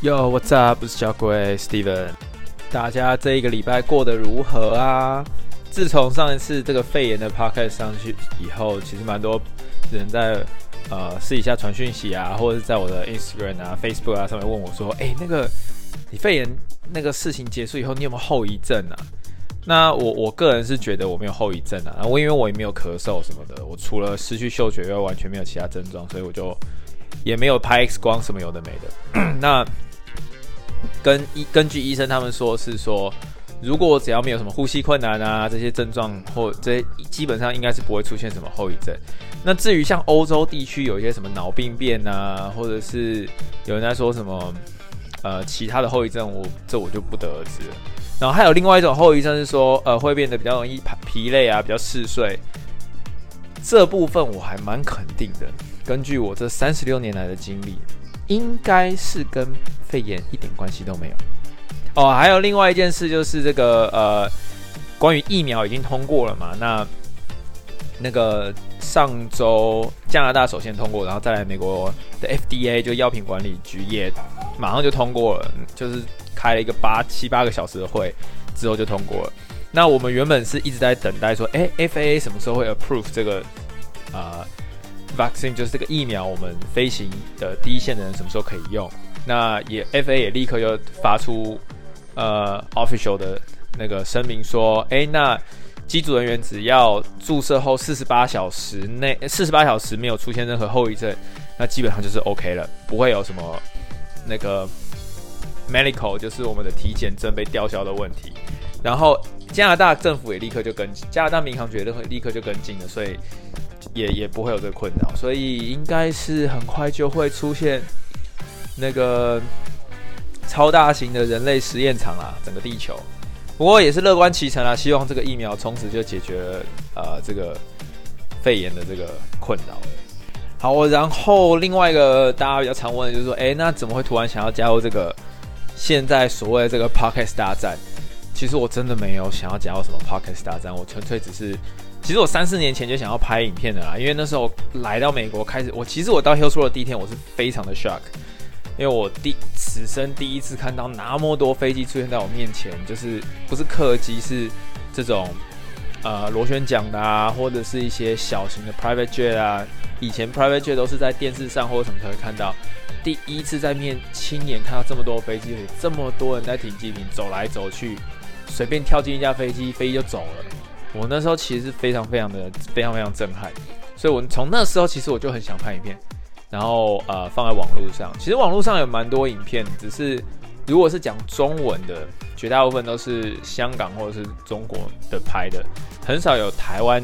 Yo，What's up？我是小鬼 Steven。大家這一個禮拜過得如何啊？自從上一次這個肺炎的 podcast 上去以後，其實蠻多人在呃私底下傳訊息啊，或者是在我的 Instagram 啊、Facebook 啊上面問我說：“誒、欸，那個你肺炎那個事情結束以後，你有沒有後遺症啊？”那我我個人是覺得我沒有後遺症啊。我因為我也沒有咳嗽什麼的，我除了失去嗅覺以外，完全沒有其他症狀，所以我就也沒有拍 X 光什麼有的沒的。 那跟醫根據醫生他們說的是說，如果只要沒有什麼呼吸困難啊，這些症狀或這些，基本上應該是不會出現什麼後遺症。那至於像歐洲地區有一些什麼腦病變啊，或者是有人在說什麼呃其他的後遺症我，我這我就不得而知了。然後還有另外一種後遺症是說呃會變得比較容易疲累啊，比較嗜睡。這部分我還蠻肯定的，根據我這三十六年來的經歷。應該是跟肺炎一點關係都沒有哦。還有另外一件事，就是這個呃，關於疫苗已經通過了嘛？那那個上周加拿大首先通過，然後再來美國的 FDA 就藥品管理局也馬上就通過了，就是開了一個八七八個小時的會之後就通過了。那我們原本是一直在等待說，哎、欸、FDA 什麼時候會 approve 這個啊？呃 vaccine 就是這個疫苗，我們飛行的第一線的人什麼時候可以用？那也 FA 也立刻就發出呃 official 的那個聲明說，誒、欸，那機組人員只要注射後四十八小時內，四十八小時沒有出現任何後遺症，那基本上就是 OK 了，不會有什麼那個 medical 就是我們的體檢證被吊銷的問題。然後加拿大政府也立刻就跟進，加拿大民航局也立刻就跟進的，所以。也也不會有這個困擾，所以應該是很快就會出現那個超大型的人類實驗場了，啊，整個地球。不過也是樂觀其成啊，希望這個疫苗從此就解決了呃這個肺炎的這個困擾。好，然後另外一個大家比較常問的就是說，哎、欸，那怎麼會突然想要加入這個現在所謂的這個 podcast 大戰？其實我真的沒有想要加入什麼 podcast 大戰，我純粹只是。其實我三四年前就想要拍影片的啦，因為那時候來到美國開始，我其實我到 Hillsboro 的第一天我是非常的 shock，因為我第此生第一次看到那麼多飛機出現在我面前，就是不是客機，是這種呃螺旋槳的啊，或者是一些小型的 private jet 啊，以前 private jet 都是在電視上或者什麼才會看到，第一次在面親眼看到這麼多飛機，這麼多人在停機坪走來走去，隨便跳進一架飛機，飛機就走了。我那時候其實是非常非常的非常非常震撼，所以我從那時候其實我就很想拍影片，然後呃放在網絡上。其實網絡上有蠻多影片，只是如果是講中文的，絕大部分都是香港或者是中國的拍的，很少有台灣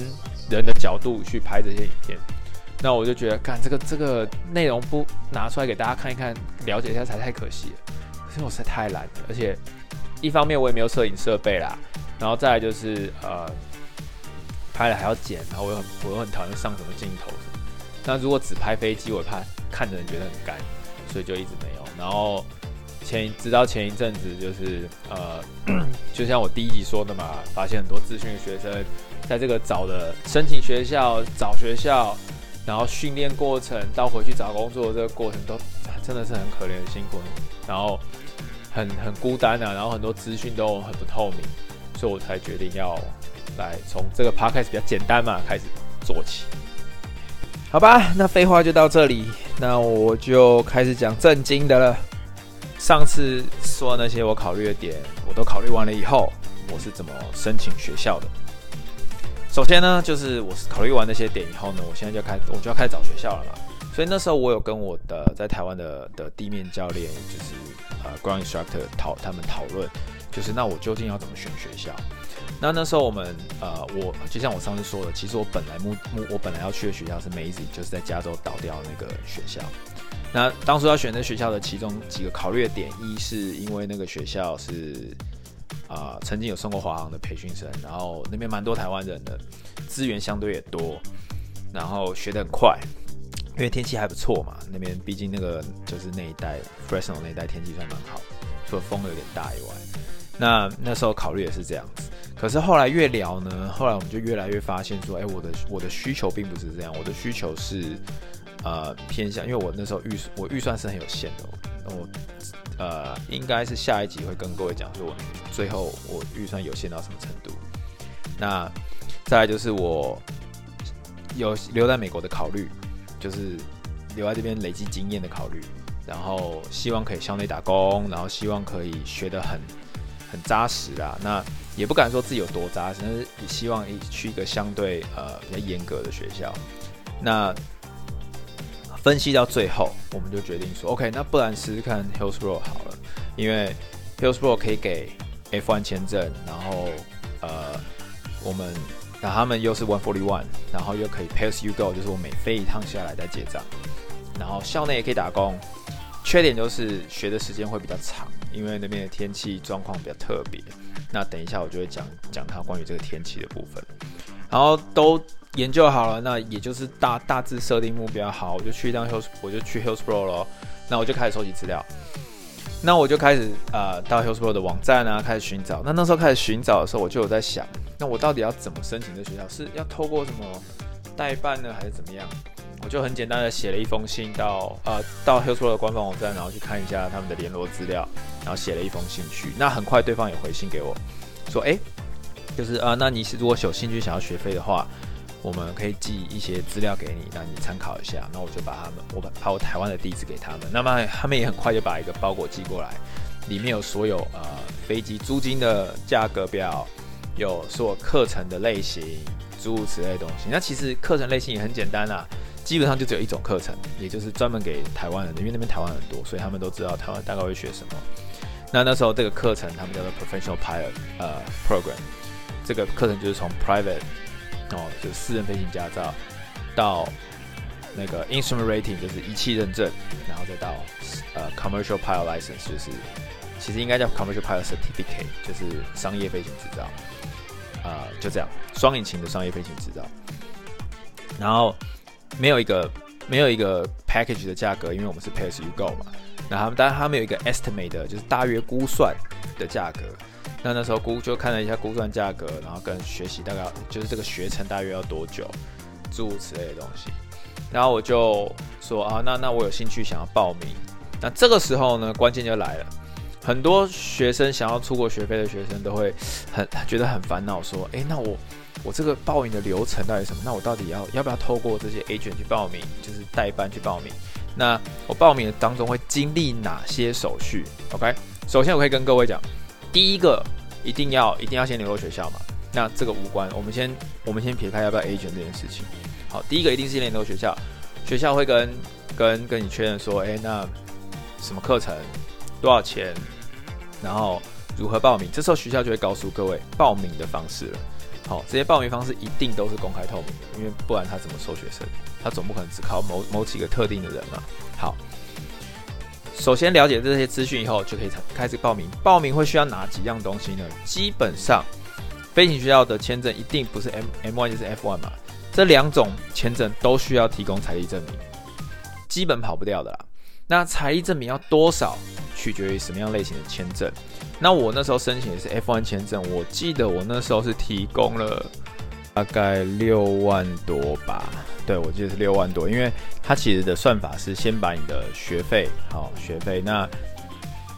人的角度去拍這些影片。那我就覺得，看這個這個內容不拿出來給大家看一看，了解一下才太可惜了。可是我實在太懶了，而且一方面我也沒有攝影設備啦，然後再來就是呃。拍了還要剪，然後我又我又很討厭上什麼鏡頭。那如果只拍飛機，我怕看的人覺得很乾，所以就一直沒有。然後前直到前一陣子，就是呃，就像我第一集說的嘛，發現很多資訊的學生，在這個找的申請學校、找學校，然後訓練過程到回去找工作的這個過程，都真的是很可憐、很辛苦，然後很很孤單啊，然後很多資訊都很不透明，所以我才決定要。來，從這個 part 開始比較簡單嘛，開始做起，好吧，那廢話就到這裡，那我就開始講正經的了。上次說那些我考慮的點，我都考慮完了以後，我是怎麼申請學校的？首先呢，就是我是考慮完那些點以後呢，我現在就開，我就要開始找學校了嘛。所以那時候我有跟我的在台灣的的地面教練，就是呃，Ground Instructor 討他們討論，就是那我究竟要怎麼選學校？那那時候我們呃，我就像我上次說的，其實我本來目目我本來要去的學校是 Mazzei，就是在加州倒掉那個學校。那當初要選擇學校的其中幾個考慮的點，一是因為那個學校是啊、呃、曾經有送過華航的培訓生，然後那邊蠻多台灣人的資源相對也多，然後學得很快，因為天氣還不錯嘛，那邊畢竟那個就是那一帶，Fresno 那一帶天氣算蠻好，除了風有點大以外，那那時候考慮也是這樣子。可是後來越聊呢，後來我們就越來越發現說：“哎、欸，我的我的需求並不是這樣，我的需求是呃偏向，因為我那時候預我預算是很有限的。我呃應該是下一集會跟各位講說，我最後我預算有限到什麼程度。那再來就是我有留在美國的考慮，就是留在這邊累積經驗的考慮，然後希望可以校內打工，然後希望可以學得很很扎實啊。那也不敢說自己有多渣，只是希望一去一個相對呃比較嚴格的學校。那分析到最後，我們就決定說，OK，那不然試試看 Hillsboro 好了，因為 Hillsboro 可以給 F1 簽證，然後呃我們那他們又是 One Forty One，然後又可以 Pay As You Go，就是我每飛一趟下來再結賬，然後校內也可以打工。缺點就是學的時間會比較長。因為那邊的天氣狀況比較特別，那等一下我就會講講它關於這個天氣的部分。然後都研究好了，那也就是大大致設定目標。好，我就去一趟 Hills，我就去 Hillsboro 咯。那我就開始收集資料。那我就開始啊、呃、到 Hillsboro 的網站啊，開始尋找。那那時候開始尋找的時候，我就有在想，那我到底要怎麼申請這學校？是要透過什麼代辦呢，還是怎麼樣？我就很簡單的寫了一封信到、呃到 h i r s o 的官方網站，然後去看一下他們的聯絡資料，然後寫了一封信去。那很快對方也回信給我，說哎，就是啊、呃，那你是如果有興趣想要學飛的話，我們可以寄一些資料給你，讓你參考一下。那我就把他們、我把把我台灣的地址給他們，那麼他們也很快就把一個包裹寄過來，裡面有所有呃飛機租金的價格表，有所有課程的類型諸如此類的東西。那其實課程類型也很簡單啦、啊。基本上就只有一種課程，也就是專門給台灣人的，因為那邊台灣人很多，所以他們都知道台灣大概會學什麼。那那時候這個課程他們叫做 Professional Pilot 呃 Program，這個課程就是從 Private 哦，就是、私人飛行駕照，到那個 Instrument Rating 就是儀器認證，然後再到呃 Commercial Pilot License 就是其實應該叫 Commercial Pilot Certificate 就是商業飛行執照，啊、呃、就這樣雙引擎的商業飛行執照，然後。沒有一個沒有一個 package 的價格，因為我們是 pay as you go 嘛，那他們當然他們有一個 estimate 的，就是大約估算的價格。那那時候估就看了一下估算價格，然後跟學習大概就是這個學程大約要多久，諸如此類的東西。然後我就說啊，那那我有興趣想要報名。那這個時候呢，關鍵就來了，很多學生想要出國學費的學生都會很覺得很煩惱，說，誒，那我。我這個報名的流程到底什麼？那我到底要要不要透過這些 agent 去報名，就是代辦去報名？那我報名的當中會經歷哪些手續？OK，首先我可以跟各位講，第一個一定要一定要先聯絡學校嘛。那這個無關，我們先我們先撇開要不要 agent 這件事情。好，第一個一定是聯絡學校，學校會跟跟跟你確認說，哎，那什麼課程多少錢，然後如何報名？這時候學校就會告訴各位報名的方式了。好、哦，這些報名方式一定都是公開透明的，因為不然他怎麼收學生？他總不可能只靠某某幾個特定的人嘛。好，首先了解這些資訊以後，就可以開始報名。報名會需要哪幾樣東西呢？基本上，飛行學校的簽證一定不是 M M1 就是 F1 嘛，這兩種簽證都需要提供財力證明，基本跑不掉的啦。那財力證明要多少，取決於什麼樣類型的簽證。那我那時候申請的是 F1 簽證，我記得我那時候是提供了大概六萬多吧，對我記得是六萬多，因為它其實的算法是先把你的學費，好學費，那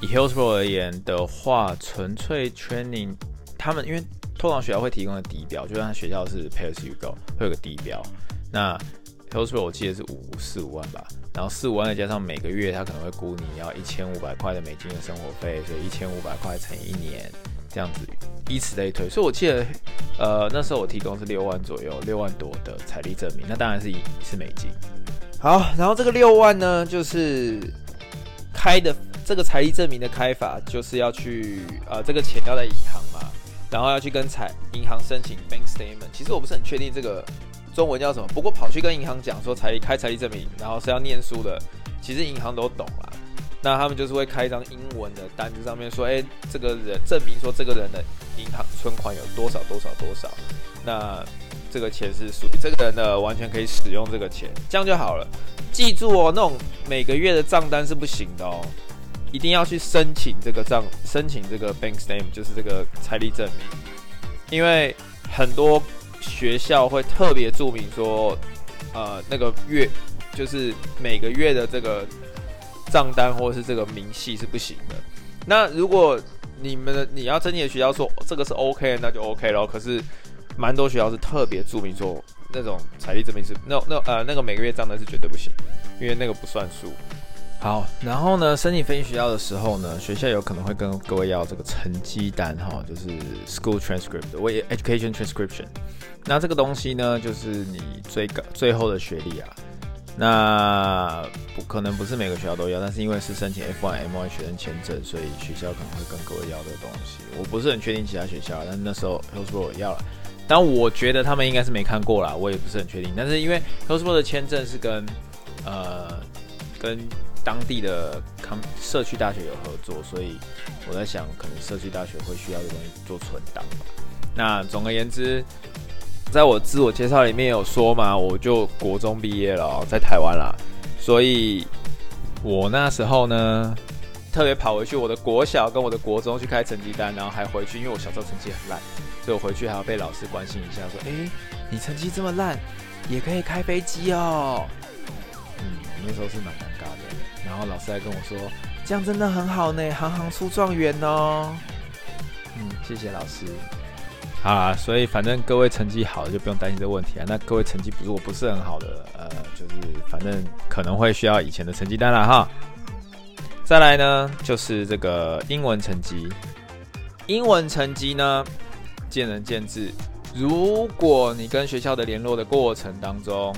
以 Hillsborough 而言的話，純粹 training，他們因為通常學校會提供的底標，就算他學校是 pay as you go，會有個底標，那 Hillsborough 我記得是五四五萬吧。然後四五萬再加上每個月他可能會估你要一千五百塊的美金的生活費，所以一千五百塊乘一年這樣子，以此類推。所以我記得，呃，那時候我提供是六萬左右，六萬多的財力證明，那當然是以是美金。好，然後這個六萬呢，就是開的這個財力證明的開法，就是要去呃，這個錢要在銀行嘛，然後要去跟財銀行申請 bank statement。其實我不是很確定這個。中文叫什麼？不過跑去跟銀行講說才開財力證明，然後是要念書的，其實銀行都懂啦。那他們就是會開一張英文的單子，上面說，哎、欸，這個人證明說這個人的銀行存款有多少多少多少，那這個錢是屬於這個人的，完全可以使用這個錢，這樣就好了。記住哦，那種每個月的賬單是不行的哦，一定要去申請這個賬，申請這個 bank statement，就是這個財力證明，因為很多。學校會特別注明說，呃，那個月就是每個月的這個賬單或者是這個明細是不行的。那如果你們的你要跟你的學校說這個是 OK，那就 OK 咯。可是蠻多學校是特別注明說那種財力證明是那個、那個、呃，那個每個月賬單是絕對不行，因為那個不算數。好，然後呢，申請飛行學校的時候呢，學校有可能會跟各位要這個成績單，哈、哦，就是 school transcript 或者 education transcription。那這個東西呢，就是你最高最後的學歷啊。那不可能不是每個學校都要，但是因為是申請 F1、M1 學生簽證，所以學校可能會跟各位要這個東西。我不是很確定其他學校，但那時候 Hillsboro 要了，但我覺得他們應該是沒看過啦，我也不是很確定。但是因為 Hillsboro 的簽證是跟呃跟當地的康社區大學有合作，所以我在想，可能社區大學會需要這東西做存檔。那總而言之，在我自我介紹裡面有說嘛，我就國中畢業了喔，在台灣啦。所以，我那時候呢，特別跑回去我的國小跟我的國中去開成績單，然後還回去，因為我小時候成績很爛，所以我回去還要被老師關心一下，說：“哎、欸，你成績這麼爛，也可以開飛機哦。”嗯，那時候是蠻難的。然後老師還跟我說，這樣真的很好呢，行行出狀元哦。嗯，謝謝老師。啊，所以反正各位成績好的就不用擔心這個問題啊。那各位成績不如果不是很好的，呃，就是反正可能會需要以前的成績單了哈。再來呢，就是這個英文成績，英文成績呢，見仁見智。如果你跟學校的聯絡的過程當中，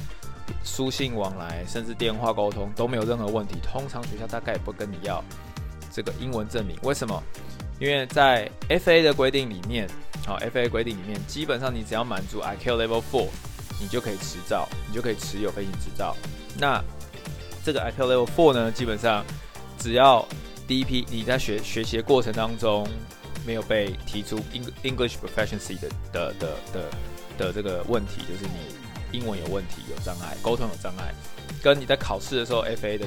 書信往來，甚至電話溝通都沒有任何問題。通常學校大概也不跟你要這個英文證明。為什麼？因為在 FA 的規定裡面，好，哦，FA 規定裡面，基本上你只要滿足 ICAO Level Four，你就可以持照，你就可以持有飛行執照。那這個 ICAO Level Four 呢，基本上只要第一批你在學學習的過程當中沒有被提出 Eng English Proficiency 的的的的的、的這個問題，就是你。英文有問題，有障礙，溝通有障礙，跟你在考試的時候，FAA 的的,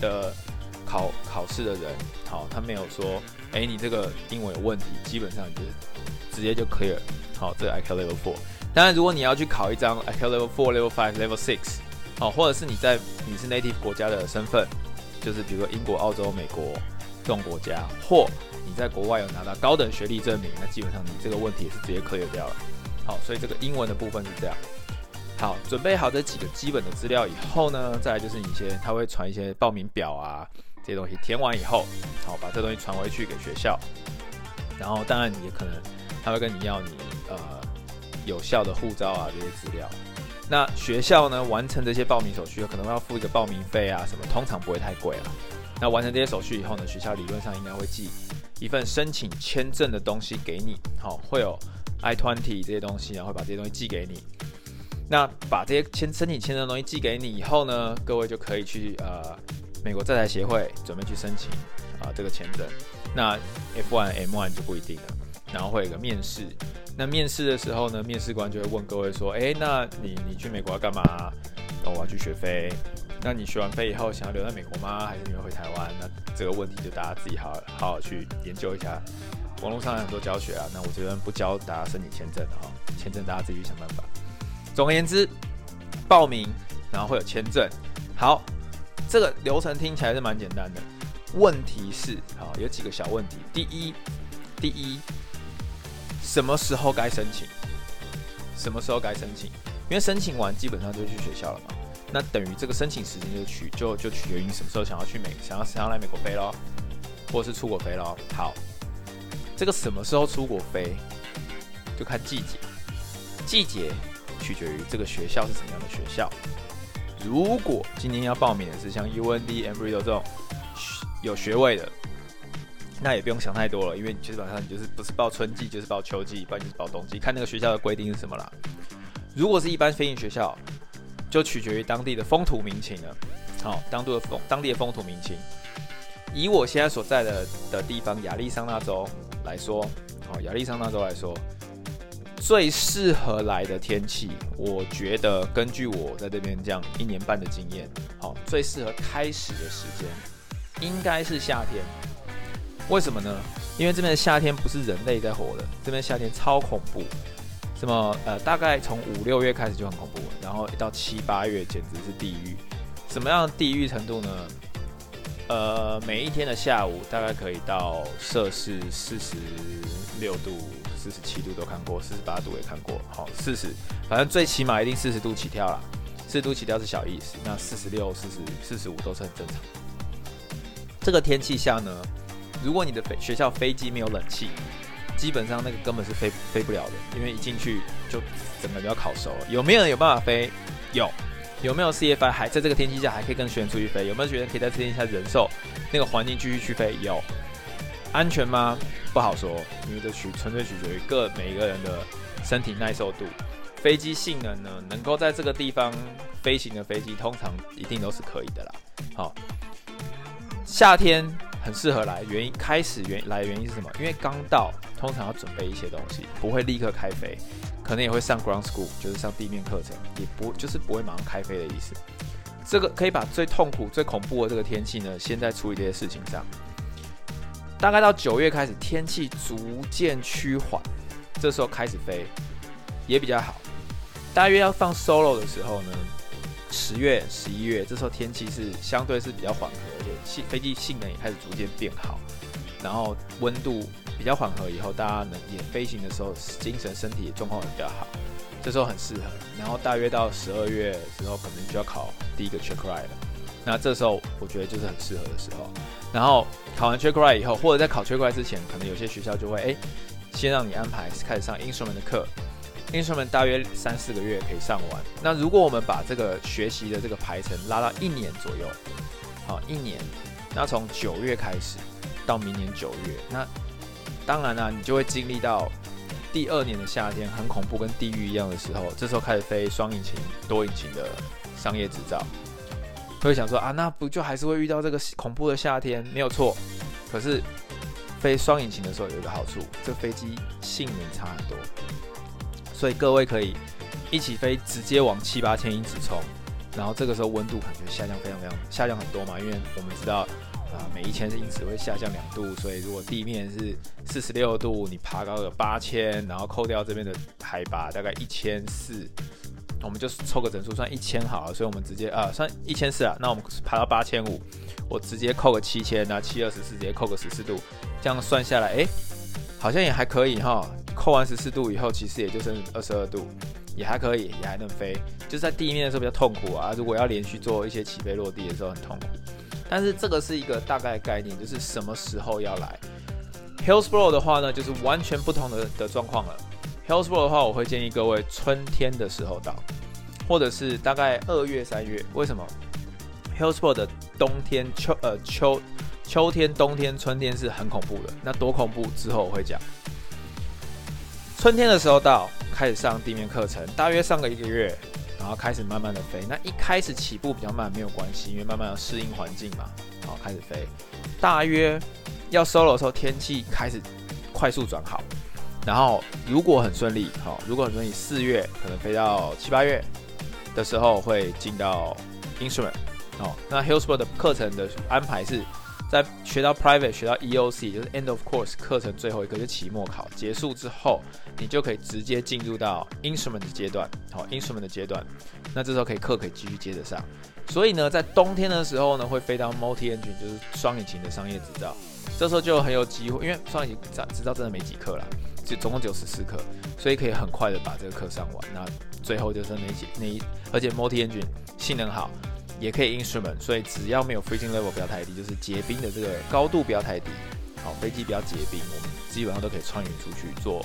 的考考試的人，好，他沒有說，誒、欸，你這個英文有問題，基本上你直接就 clear，好，這個 ICAO Level Four。當然，如果你要去考一張 ICAO Level Four、Level Five、Level Six，好，或者是你在你是 native 國家的身份，就是比如說英國、澳洲、美國這種國家，或你在國外有拿到高等學歷證明，那基本上你這個問題也是直接 clear 掉了。好，所以這個英文的部分是這樣。好，準備好這幾個基本的資料以後呢，再來就是你先，他會傳一些報名表啊這些東西，填完以後，好，把這東西傳回去給學校。然後當然也可能他會跟你要你呃有效的護照啊這些資料。那學校呢，完成這些報名手續，可能要付一個報名費啊什麼，通常不會太貴了啊。那完成這些手續以後呢，學校理論上應該會寄一份申請簽證的東西給你，好，會有 I20 這些東西，然後會把這些東西寄給你。那把這些簽申請簽證的東西寄給你以後呢，各位就可以去呃美國在台協會準備去申請啊，呃、這個簽證。那 F1、M1 就不一定了，然後會有一個面試。那面試的時候呢，面試官就會問各位說：“哎、欸，那你你去美國要幹嘛啊？哦，我要去學飛。那你學完飛以後想要留在美國嗎？還是你要回台灣？那這個問題就大家自己好好好去研究一下。網絡上有很多教學啊，那我這邊不教大家申請簽證的哈，哦、簽證大家自己去想辦法。”總而言之，報名然後會有簽證，好，這個流程聽起來是蠻簡單的。問題是，啊，有幾個小問題。第一，第一，什麼時候該申請？什麼時候該申請？因為申請完基本上就去學校了嘛，那等於這個申請時間就取就就取決於你什麼時候想要去美想要想要來美國飛嘍，或是出國飛嘍。好，這個什麼時候出國飛，就看季節，季節。取決於這個學校是什麼樣的學校。如果今天要報名的是像 UND Embry-Riddle 這種有學位的，那也不用想太多了，因為你基本上你就是不是報春季就是報秋季，不然就是報冬季，看那個學校的規定是什麼啦。如果是一般飛行學校，就取決於當地的風土民情了。好、哦，當地的風當地的風土民情。以我現在所在的的地方亞利桑那州來說，好、哦，亞利桑那州來說。最適合來的天氣，我覺得根據我在這邊這樣一年半的經驗，好，最適合開始的時間應該是夏天。為什麼呢？因為這邊的夏天不是人類在活的，這邊夏天超恐怖。什麼？呃，大概從五六月開始就很恐怖了，然後一到七八月簡直是地獄。什麼樣的地獄程度呢？呃，每一天的下午大概可以到攝氏四十六度。四十七度都看過，四十八度也看過，好四十，40, 反正最起碼一定四十度起跳啦，四十度起跳是小意思。那四十六、四十四、十五都是很正常。這個天氣下呢，如果你的飛學校飛機沒有冷氣，基本上那個根本是飛飛不了的，因為一進去就整個就要烤熟了。有沒有人有辦法飛？有。有沒有 CFI 還在這個天氣下還可以跟學員出去飛？有沒有學員可以在這天氣下忍受那個環境繼續去飛？有。安全嗎？不好說，因為這取純粹取決於各每一個人的身體耐受度。飛機性能呢，能夠在這個地方飛行的飛機，通常一定都是可以的啦。好、哦，夏天很適合來，原因開始原來的原因是什麼？因為剛到，通常要準備一些東西，不會立刻開飛，可能也會上 ground school，就是上地面課程，也不就是不會馬上開飛的意思。這個可以把最痛苦、最恐怖的這個天氣呢，先在處理這些事情上。大概到九月開始，天氣逐漸趨緩，這時候開始飛也比較好。大約要放 solo 的時候呢，十月、十一月，這時候天氣是相對是比較緩和，而且飛飛機性能也開始逐漸變好，然後溫度比較緩和以後，大家能也飛行的時候，精神、身體狀況也比較好，這時候很適合。然後大約到十二月的時候，可能就要考第一個 check ride 了。那這時候我覺得就是很適合的時候，然後考完 check ride 以後，或者在考 check ride 之前，可能有些學校就會誒、欸、先讓你安排開始上 instrument 的課，instrument 大約三四個月可以上完。那如果我們把這個學習的這個排程拉到一年左右，好一年，那從九月開始到明年九月，那當然啦、啊，你就會經歷到第二年的夏天很恐怖跟地獄一樣的時候，這時候開始飛雙引擎、多引擎的商業執照。所以會想說啊，那不就還是會遇到這個恐怖的夏天？沒有錯，可是飛雙引擎的時候有一個好處，這飛機性能差很多，所以各位可以一起飛，直接往七八千英尺衝，然後這個時候溫度感覺下降非常非常下降很多嘛，因為我們知道啊、呃，每一千英尺會下降兩度，所以如果地面是四十六度，你爬高了八千，然後扣掉這邊的海拔大概一千四，我們就湊個整數，算一千好了，所以我們直接啊，算一千四啊，那我們爬到八千五，我直接扣個七千啊，七二十四直接扣個十四度，這樣算下來，哎，好像也還可以哈。扣完十四度以後，其實也就剩二十二度，也還可以，也還能飛。就在地面的時候比較痛苦啊，如果要連續做一些起飛落地的時候很痛苦。但是這個是一個大概的概念，就是什麼時候要來。Hillsboro 的話呢，就是完全不同的的狀況了。Hillsboro 的話，我會建議各位春天的時候到，或者是大概二月三月。為什麼 Hillsboro 的冬天、秋呃秋秋天、冬天、春天是很恐怖的。那多恐怖？之後我會講。春天的時候到，開始上地面課程，大約上個一個月，然後開始慢慢的飛。那一開始起步比較慢沒有關係，因為慢慢要適應環境嘛。然後開始飛，大約要 Solo 的時候，天氣開始快速轉好。然後如果很順利，好、哦，如果很順利，四月可能飛到七八月的時候會進到 instrument、哦、那 Hillsboro 的課程的安排是在學到 private 學到 EOC，就是 end of course 課程最後一個就期末考結束之後，你就可以直接進入到 instrument 的階段，好、哦，instrument 的階段，那這時候可以課可以繼續接着上。所以呢，在冬天的時候呢，會飛到 multi engine，就是雙引擎的商業執照，這時候就很有機會，因為雙引擎執照真的沒幾課了。就總共九十四課，所以可以很快的把這個課上完。那最後就是那些，你而且 multi engine 性能好，也可以 instrument，所以只要沒有 freezing level 不要太低，就是結冰的這個高度不要太低，好，飛機不要結冰，我們基本上都可以穿雲出去做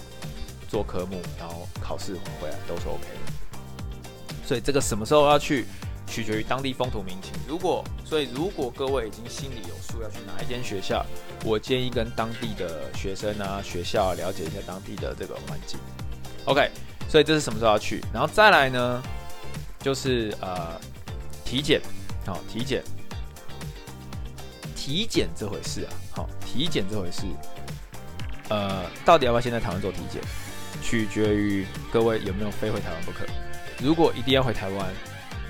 做科目，然後考試回來都是 OK 的。所以這個什麼時候要去？取決於當地風土民情。如果所以，如果各位已經心裡有數要去哪一間學校，我建議跟當地的學生啊、學校、啊、了解一下當地的這個環境。OK，所以這是什麼時候要去？然後再來呢，就是呃體檢。好，體檢、哦，體檢這回事啊。好、哦，體檢這回事，呃，到底要不要先在台灣做體檢，取決於各位有沒有非回台灣不可。如果一定要回台灣。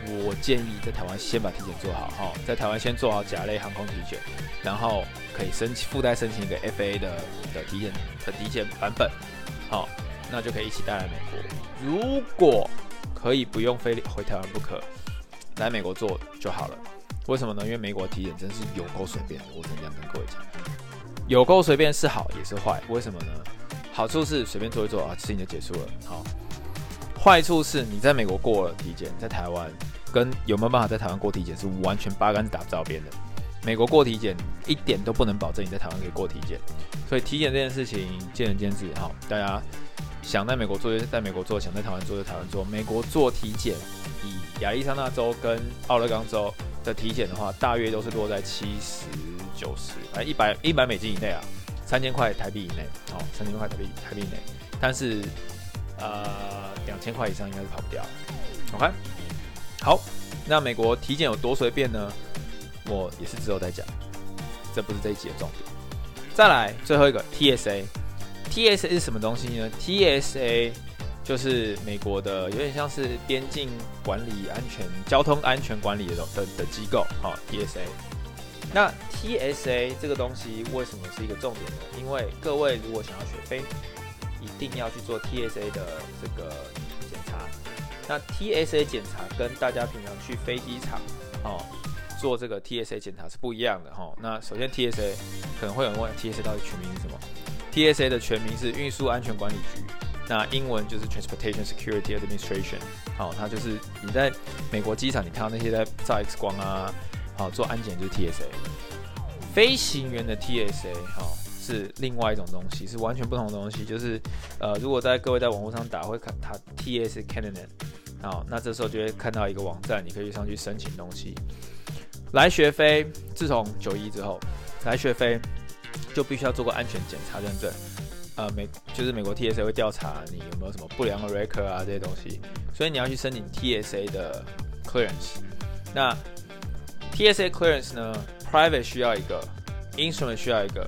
我建議在台灣先把體檢做好哈，在台灣先做好甲類航空體檢，然後可以申請附帶申請一個 FAA 的的體檢的體檢版本，好，那就可以一起帶來美國。如果可以不用非回台灣不可，來美國做就好了。為什麼呢？因為美國體檢真是有夠隨便，我怎樣跟各位講。有夠隨便是好也是壞，為什麼呢？好處是隨便做一做啊，事情就結束了。好，壞處是你在美國過了體檢，在台灣。跟有沒有辦法在台灣過體檢是完全八竿子打不着邊的。美國過體檢一點都不能保證你在台灣可以過體檢，所以體檢這件事情見仁見智。好，大家想在美國做就在美國做，想在台灣做就台灣做。美國做體檢，以亞利桑那州跟奧勒岡州的體檢的話，大約都是落在七十九十，反正一百一百美金以內啊，三千塊台幣以內，好、哦，三千塊台幣台幣以內。但是呃，兩千塊以上應該是跑不掉。OK。好，那美國體檢有多隨便呢？我也是之後再講，這不是這一集的重點。再來最後一個 TSA，TSA TSA 是什麼東西呢？TSA 就是美國的有點像是邊境管理安全、交通安全管理的的機構。好，TSA，那 TSA 這個東西為什麼是一個重點呢？因為各位如果想要學飛，一定要去做 TSA 的這個。那 TSA 檢查跟大家平常去飛機場哦做這個 TSA 檢查是不一樣的哈、哦。那首先 TSA 可能會有人問，TSA 到底全名是什麼？TSA 的全名是運輸安全管理局，那英文就是 Transportation Security Administration、哦。好，它就是你在美國機場，你看到那些在照 X 光啊，好、哦、做安檢就是 TSA。飛行員的 TSA 好、哦。是另外一種東西，是完全不同的東西。就是，呃，如果在各位在網絡上打，會看他 TSA candidate，好，那這時候就會看到一個網站，你可以上去申請東西。來學飛，自從九一之後，來學飛就必須要做個安全檢查認證。呃，美就是美國 T S A 會調查你有沒有什麼不良的 record 啊，這些東西，所以你要去申請 T S A 的 clearance。那 T S A clearance 呢，private 需要一個，instrument 需要一個。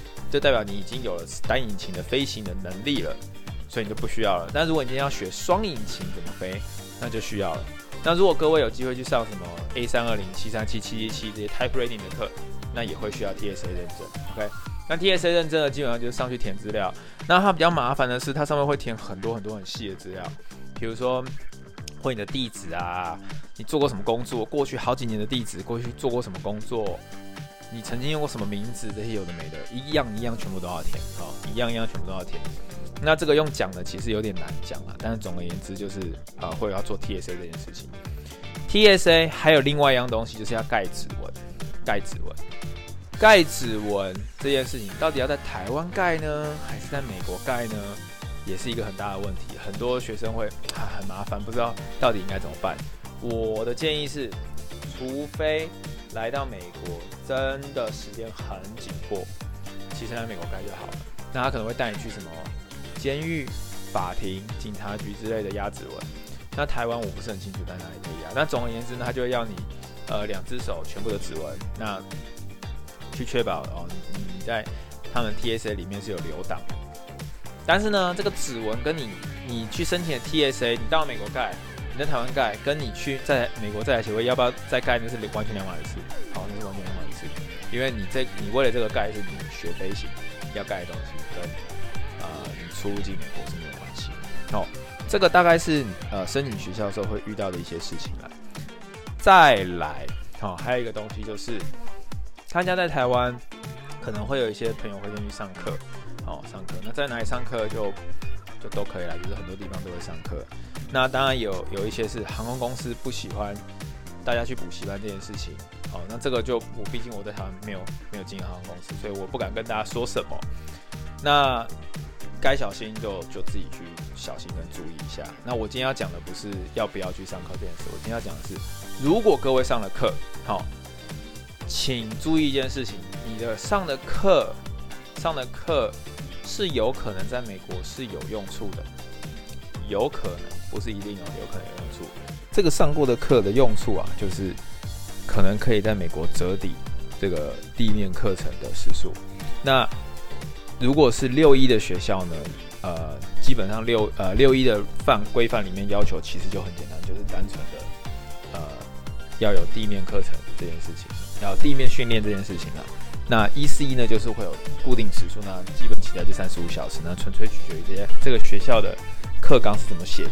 就代表你已經有了單引擎的飛行的能力了，所以你就不需要了。但如果你今天要學雙引擎怎麼飛，那就需要了。那如果各位有機會去上什麼 A 三二零、七三七、七七七這些 type rating 的課，那也會需要 TSA 認證。OK，那 TSA 認證呢，基本上就是上去填資料。那它比較麻煩的是，它上面會填很多很多很細的資料，比如說，會你的地址啊，你做過什麼工作，過去好幾年的地址，過去做過什麼工作。你曾經用過什麼名字？這些有的沒的，一樣一樣全部都要填，好，一樣一樣全部都要填。那這個用講的其實有點難講了，但是總而言之就是啊，會要做 TSA 這件事情。TSA 還有另外一樣東西，就是要蓋指紋，蓋指紋，蓋指紋這件事情到底要在台灣蓋呢，還是在美國蓋呢，也是一個很大的問題。很多學生會，啊，很麻煩，不知道到底應該怎麼辦。我的建議是，除非。來到美國，真的時間很緊迫，其實在美國蓋就好了。那他可能會帶你去什麼監獄、法庭、警察局之類的壓指紋。那台灣我不是很清楚在哪裡可以壓。那總而言之呢，他就要你呃兩隻手全部的指紋，那去確保哦你，你在他們 TSA 裡面是有留檔。但是呢，這個指紋跟你你去申請的 TSA，你到美國蓋。在台灣蓋，跟你去在美國在台協會，要不要再蓋，那是完全兩碼的事。好，那是完全兩碼事。因為你這，你為了這個蓋，是你學飛行要蓋的東西，跟啊、呃，你出入境美國是沒有關係。好，這個大概是呃申請學校的時候會遇到的一些事情了。再來，好，還有一個東西就是，參加在台灣，可能會有一些朋友會先去上課。好，上課，那在哪裡上課就就都可以了，就是很多地方都會上課。那當然有有一些是航空公司不喜歡大家去補習班這件事情。好，那這個就我畢竟我在台灣沒有沒有經營航空公司，所以我不敢跟大家說什麼。那該小心就就自己去小心跟注意一下。那我今天要講的不是要不要去上課這件事，我今天要講的是，如果各位上了課，好，請注意一件事情，你的上的課上的課是有可能在美國是有用處的，有可能。不是一定哦，有可能有用處。這個上過的課的用處啊，就是可能可以在美國折抵這個地面課程的時數。那如果是六一的學校呢，呃，基本上六，呃，六一的範規範裡面要求其實就很簡單，就是單純的，呃，要有地面課程這件事情，然後地面訓練這件事情呢、啊。那一四一呢，就是會有固定時數呢，那基本起跳就三十五小時，那純粹取決於這些這個學校的課綱是怎麼寫的。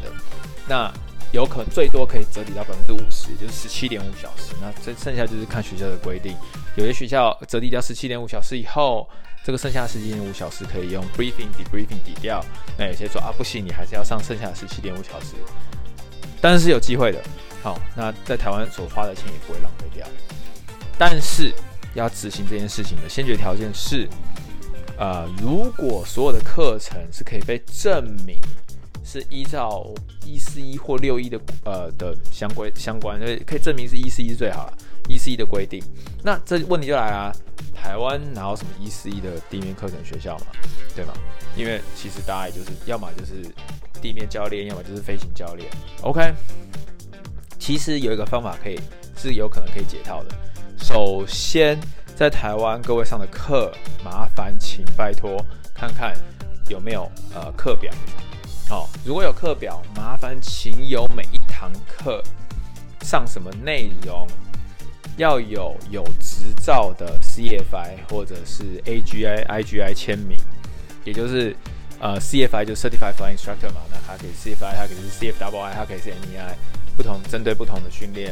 那有可能最多可以折抵到百分之五十，也就是十七點五小時。那這剩下就是看學校的規定，有些學校折抵掉十七點五小時以後，這個剩下十七點五小時可以用 briefing、debriefing 抵掉。那有些說啊，不行，你還是要上剩下的十七點五小時。但是，是有機會的，好，那在台灣所花的錢也不會浪費掉，但是。要執行這件事情的先決條件是，呃，如果所有的課程是可以被證明是依照一四一或六一的呃的相關相關，就是可以證明是一四一是最好了，一四一的規定。那這問題就來了，台灣哪有什麼一四一的地面課程學校嘛，對嗎？因為其實大家就是要麼就是地面教練，要麼就是飛行教練。OK，其實有一個方法可以是有可能可以解套的。首先，在台灣各位上的課，麻煩請拜託看看有沒有呃課表。好，哦，如果有課表，麻煩請有每一堂課上什麼內容，要有有執照的 CFI 或者是 AGI、IGI 簽名，也就是呃 CFI 就 Certified Flight Instructor 嘛，那它可以 CFI，它可以是 CFII，它可以是 MEI，不同針對不同的訓練。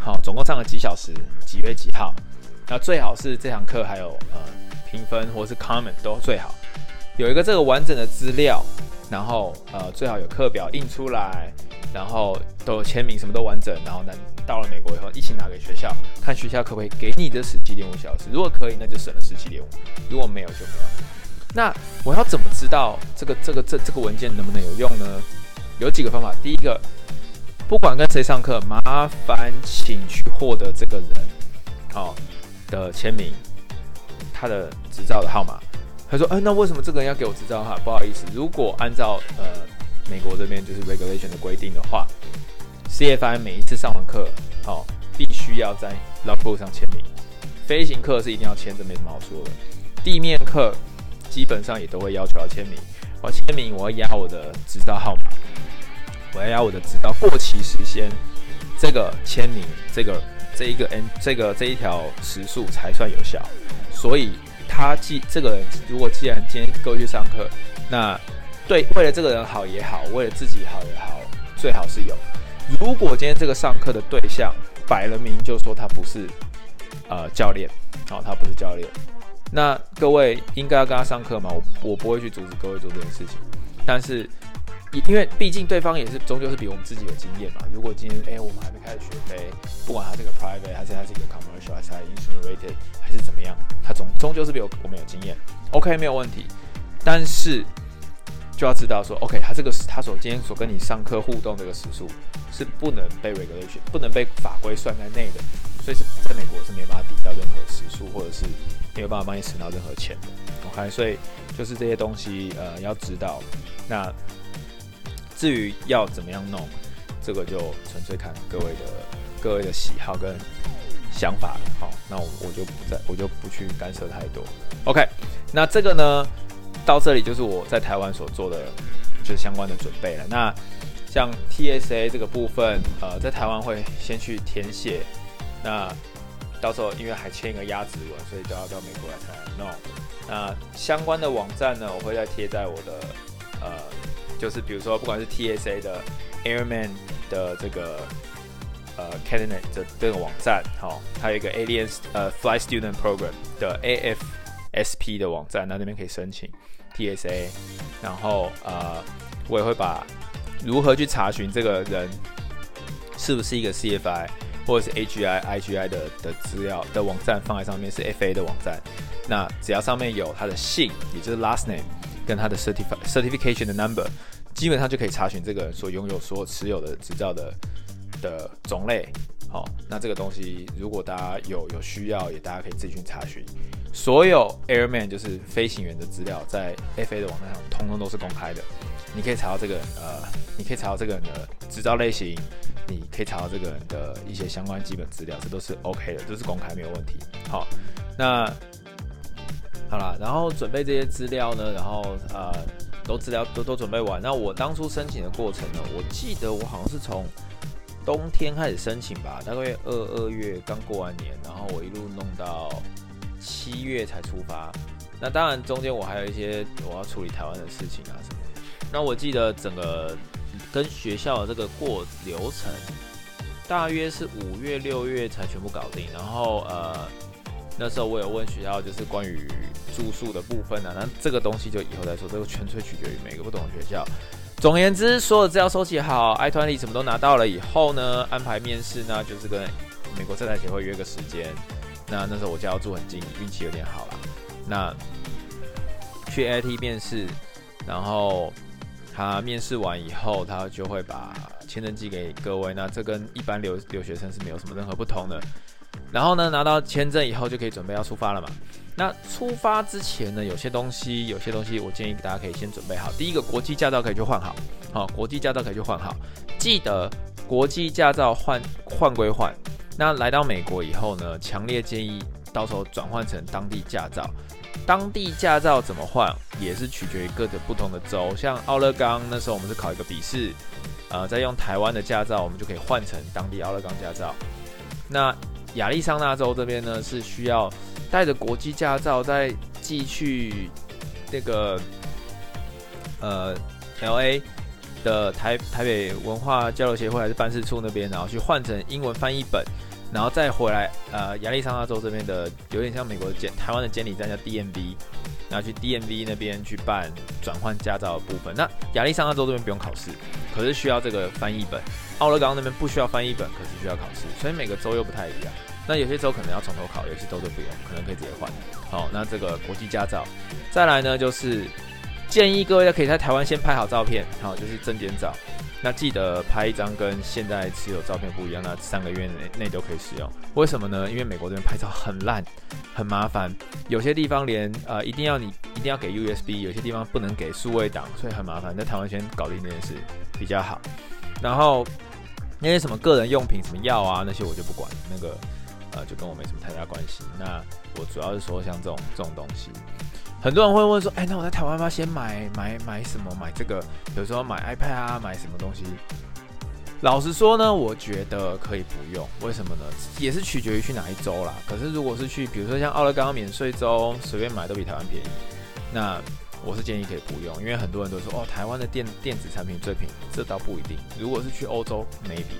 好，總共上了幾小時，幾月幾號，那最好是這堂課還有呃評分或是 comment 都最好。有一個這個完整的資料，然後呃最好有課表印出來，然後都有簽名什麼都完整，然後呢到了美國以後一起拿給學校，看學校可不可以給你的十七點五小時，如果可以那就省了十七點五，如果沒有就沒有。那我要怎麼知道這個這個這這個文件能不能有用呢？有幾個方法，第一個。不管跟誰上課，麻煩請去獲得這個人，哦，的簽名，他的執照的號碼。他說，哎，那為什麼這個人要給我執照哈？不好意思，如果按照呃美國這邊就是 regulation 的規定的話，CFI 每一次上完課，好、哦，必須要在 log book 上簽名。飛行課是一定要簽的，這沒什麼好說的。地面課基本上也都會要求要簽名。我要簽名，我要壓我的執照號碼。我要，我就知道過期時間，這個簽名，這個這一個 n，這個這一條時數才算有效。所以他既這個人，如果既然今天各位去上課，那對為了這個人好也好，為了自己好也好，最好是有。如果今天這個上課的對象擺了名就說他不是呃教練，哦，他不是教練，那各位應該要跟他上課嘛，我我不會去阻止各位做這件事情，但是。因為畢竟對方也是終究是比我們自己有經驗嘛。如果今天哎、欸、我們還沒開始學飛、欸，不管他這個 private 還是他是一個 commercial 還是 instrument rated 還是怎麼樣，他終終究是比我我們有經驗。OK 沒有問題，但是就要知道說 OK 他這個他所今天所跟你上課互動這個時數是不能被 regulation 不能被法規算在內的，所以是在美國是沒有辦法抵到任何時數，或者是沒有辦法幫你省到任何錢的。OK 所以就是這些東西呃要知道那。至於要怎麼樣弄，這個就純粹看各位的各位的喜好跟想法好，那我我就不再，我就不去干涉太多。OK，那這個呢，到這裡就是我在台灣所做的，就是相關的準備了。那像 TSA 這個部分，呃，在台灣會先去填寫，那到時候因為還簽一個壓指紋，所以就要到美國來才弄，那相關的網站呢，我會再貼在我的呃。就是比如說，不管是 TSA 的 Airman 的這個呃 Candidate 的這個網站，好，哦，還有一個 Alien 呃 Fly Student Program 的 AFSP 的網站，那那邊可以申請 TSA。然後呃，我也會把如何去查詢這個人是不是一個 CFI 或者是 AGI、IGI 的的資料的網站放在上面，是 FA 的網站。那只要上面有他的姓，也就是 Last Name。跟他的 certification 的 number 基本上就可以查詢這個人所擁有、所持有的執照的的種類。好，那這個東西如果大家有有需要，也大家可以自己去查詢。所有 airman 就是飛行員的資料，在 FA 的網站上通通都是公開的。你可以查到這個人呃，你可以查到這個人的執照類型，你可以查到這個人的一些相關基本資料，這都是 OK 的，都是公開沒有問題。好，那。好啦，然後準備這些資料呢，然後呃，都資料都都準備完。那我當初申請的過程呢，我記得我好像是從冬天開始申請吧，大概二二月剛過完年，然後我一路弄到七月才出發。那當然中間我還有一些我要處理台灣的事情啊什麼的。那我記得整個跟學校的這個過流程，大約是五月六月才全部搞定。然後呃，那時候我有問學校，就是關於。住宿的部分呢，啊，那這個東西就以後再說，這個純粹取決於每個不同的學校。總而言之，所有資料收集好，I-20 什麼都拿到了以後呢，安排面試呢，那就是跟美國在台協會約個時間。那那時候我就要住很近，運氣有點好了。那去 AIT 面試，然後他面試完以後，他就會把簽證寄給各位。那這跟一般留留學生是沒有什麼任何不同的。然後呢，拿到簽證以後就可以準備要出發了嘛。那出發之前呢，有些東西，有些東西，我建議大家可以先準備好。第一個，國際駕照可以去換好，好、哦，國際駕照可以去換好。記得國際駕照換換歸換。那來到美國以後呢，強烈建議到時候轉換成當地駕照。當地駕照怎麼換，也是取決於各個不同的州。像奧勒岡那時候我們是考一個筆試，呃，再用台灣的駕照，我們就可以換成當地奧勒岡駕照。那亞利桑那州這邊呢，是需要帶着國際駕照，再寄去那個呃 L A 的台台北文化交流協會還是辦事處那邊，然後去換成英文翻譯本，然後再回來呃亞利桑那州這邊的，有點像美國的監台灣的監理站叫 D M V，然後去 D M V 那邊去辦轉換駕照的部分。那亞利桑那州這邊不用考試，可是需要這個翻譯本。奧勒岡那邊不需要翻譯本，可是需要考試，所以每個州又不太一樣。那有些州可能要從頭考，有些州都不用，可能可以直接換。好，那這個國際駕照，再來呢，就是建議各位可以在台灣先拍好照片，好，就是證件照。那記得拍一張跟現在持有照片不一樣，那三個月內內都可以使用。為什麼呢？因為美國這邊拍照很爛，很麻煩，有些地方連呃一定要你一定要給 USB，有些地方不能給數位檔，所以很麻煩。在台灣先搞定這件事比較好，然後。那些什麼個人用品、什麼藥啊，那些我就不管，那個呃，就跟我沒什麼太大關係。那我主要是說像這種這種東西，很多人會問說，哎、欸，那我在台灣要先買買買什麼？買這個，有時候買 iPad 啊，買什麼東西？老實說呢，我覺得可以不用。為什麼呢？也是取決於去哪一州啦。可是如果是去，比如說像奧勒岡免稅州，隨便買都比台灣便宜。那我是建議可以不用，因為很多人都說哦，台灣的電電子產品最便宜。這倒不一定。如果是去歐洲，maybe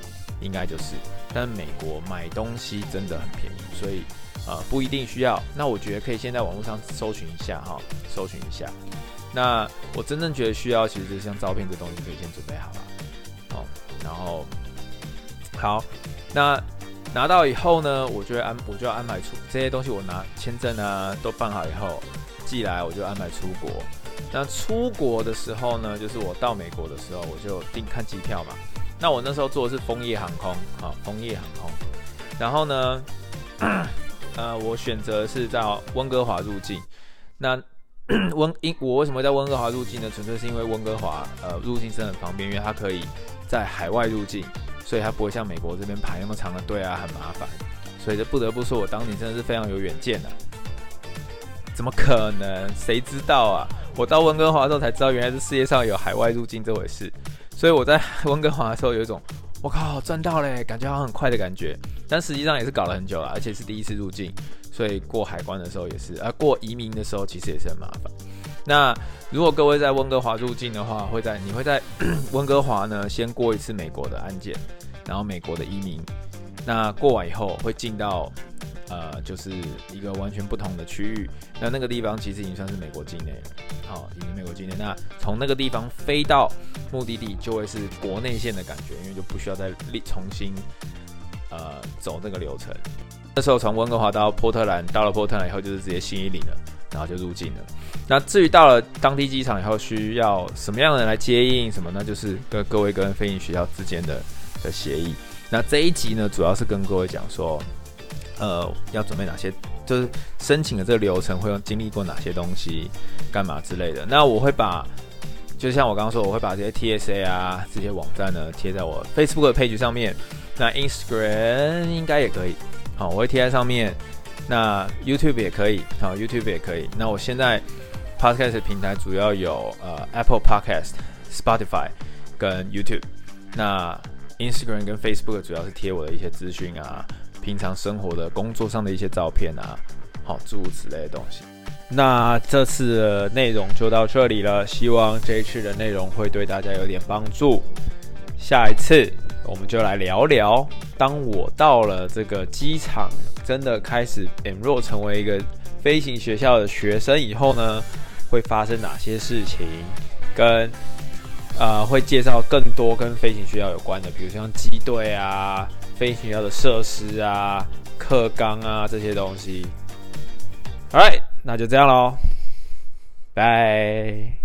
應該就是，但是美國買東西真的很便宜，所以啊、呃，不一定需要。那我覺得可以先在網絡上搜尋一下哈、哦，搜尋一下。那我真正覺得需要，其實就是像照片這東西，可以先準備好了。哦，然後好，那拿到以後呢，我就會安我就要安排出這些東西，我拿簽證啊都辦好以後。寄來我就安排出國，那出國的時候呢，就是我到美國的時候，我就訂看機票嘛。那我那時候坐的是楓葉航空啊、哦，楓葉航空。然後呢，呃，我選擇是在溫哥華入境。那溫，我為什麼在溫哥華入境呢？純粹是因為溫哥華呃入境真的很方便，因為它可以在海外入境，所以它不會像美國這邊排那麼長的隊啊，很麻煩。所以就不得不說，我當年真的是非常有遠見的。怎麼可能？誰知道啊！我到溫哥華之後才知道，原來是世界上有海外入境這回事。所以我在溫哥華的時候有一種，我靠賺到了，感覺好像很快的感覺。但實際上也是搞了很久了，而且是第一次入境，所以過海關的時候也是，啊、呃，過移民的時候其實也是很麻煩。那如果各位在溫哥華入境的話，會在你會在溫 哥華呢先過一次美國的安檢，然後美國的移民。那過完以後會進到。呃，就是一個完全不同的區域。那那個地方其實已經算是美國境內了，好、哦，已經美國境內。那從那個地方飛到目的地，就會是國內線的感覺，因為就不需要再重新呃走那個流程。那時候從溫哥華到波特蘭，到了波特蘭以後就是直接新一領了，然後就入境了。那至於到了當地機場以後需要什麼樣的人來接應什麼，那就是跟各位跟飛行學校之間的的協議。那這一集呢，主要是跟各位講說。呃，要準備哪些？就是申請的這個流程會用經歷過哪些東西、幹嘛之類的？那我會把，就像我剛剛說，我會把這些 TSA 啊，這些網站呢貼在我 Facebook 的 page 上面。那 Instagram 應該也可以，好，我會貼在上面。那 YouTube 也可以，好，YouTube 也可以。那我現在 Podcast 的平台主要有呃 Apple Podcast、Spotify 跟 YouTube。那 Instagram 跟 Facebook 主要是貼我的一些資訊啊。平常生活的工作上的一些照片啊，好諸如此類的東西。那這次的內容就到這裡了，希望這次的內容會對大家有點幫助。下一次我們就來聊聊，當我到了這個機場，真的開始 enroll 成為一個飛行學校的學生以後呢，會發生哪些事情？跟啊、呃、會介紹更多跟飛行學校有關的，比如像機隊啊。飛行學的設施啊，課綱啊，這些東西。好，Alright, 那就這樣嘍，拜。